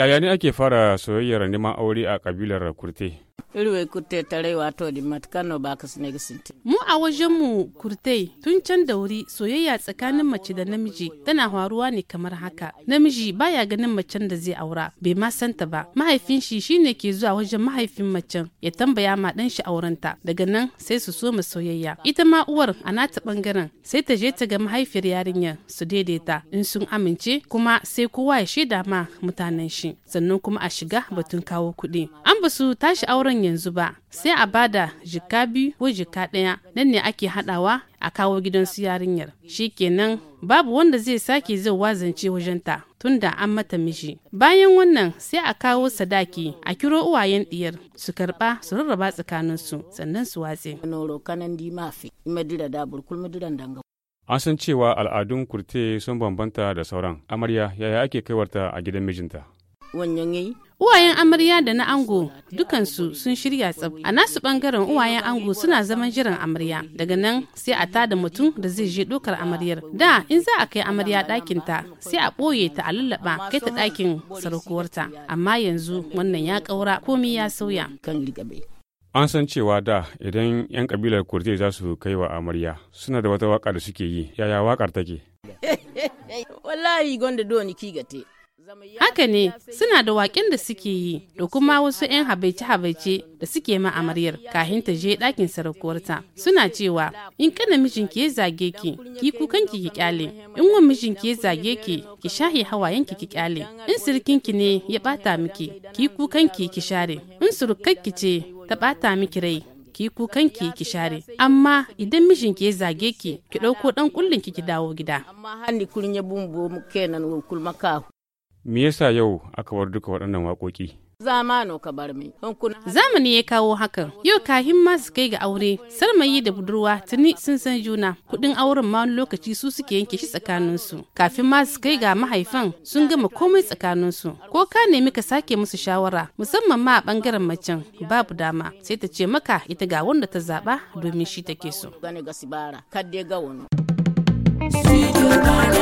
Yaya ne ake fara soyayyar neman aure a kabilar Kurte? irwe kute tare wato di matkano ba ka Mu a wajen mu kurte tun can da wuri soyayya tsakanin mace da namiji tana faruwa ne kamar haka. Namiji baya ganin macen da zai aura bai ma santa ba. Mahaifin shi shine ke zuwa wajen mahaifin macen ya tambaya ma dan shi aurenta daga nan sai su so mu soyayya. Ita ma uwar a nata bangaren sai ta je ta ga mahaifiyar yarinyar su daidaita in sun amince kuma sai kowa ya shaida ma mutanen shi sannan kuma a shiga batun kawo kuɗi. An basu tashi auren yanzu ba sai a bada jika biyu ko jika ɗaya nan ne ake haɗawa a kawo gidan su yarinyar shi kenan babu wanda zai sake zai wazance wajenta tunda an mata miji bayan wannan sai a kawo sadaki a kiro uwayen diyar su karba su rarraba tsakanin su sannan su watse an san cewa al'adun kurte sun bambanta da sauran amarya yaya ake kaiwarta a gidan mijinta wannan yayi uwayen amarya da na ango dukansu sun shirya tsab a nasu bangaren uwayen ango suna zaman jiran amarya daga nan sai a tada mutum da zai je dokar amaryar da in za a kai amarya ɗakin ta sai a ɓoye ta a lallaba kai ta ɗakin sarakuwarta amma yanzu wannan ya ƙaura komi ya sauya an san cewa da idan 'yan kabilar kurje za su kai wa amarya suna da wata waka da suke yi yaya wakar take wallahi gonda doni kigate Haka ne suna da waƙen da suke yi da kuma wasu 'yan habaice-habaice da suke ma amaryar kahin ta je ɗakin sarakuwarta suna cewa in kana mijinki ya zage ki ki kukan ki kyale in wan mijinki ya zage ki ki shahi hawayen ki kyale in sirkinki ne ya bata miki ki kukan ki ki share in ki ce ta bata miki rai ki kukan ki ki share amma idan mijinki ya zage ki ki ɗauko ɗan kullin ki ki dawo gida. amma ya kenan Me yasa yau aka bar duka waɗannan waƙoƙi? zamano ka bar mi. Zamani ya kawo hakan. Yau kahin ma su kai ga aure, sarmayi da budurwa tuni sun san juna. Kuɗin auren ma wani lokaci su suke yanke shi tsakaninsu. Kafin ma su kai ga mahaifan sun gama komai tsakaninsu. Ko ka nemi ka sake musu shawara, musamman ma a ɓangaren macen babu dama. Sai ta ce maka ita ga wanda ta zaɓa domin shi take so. ga Studio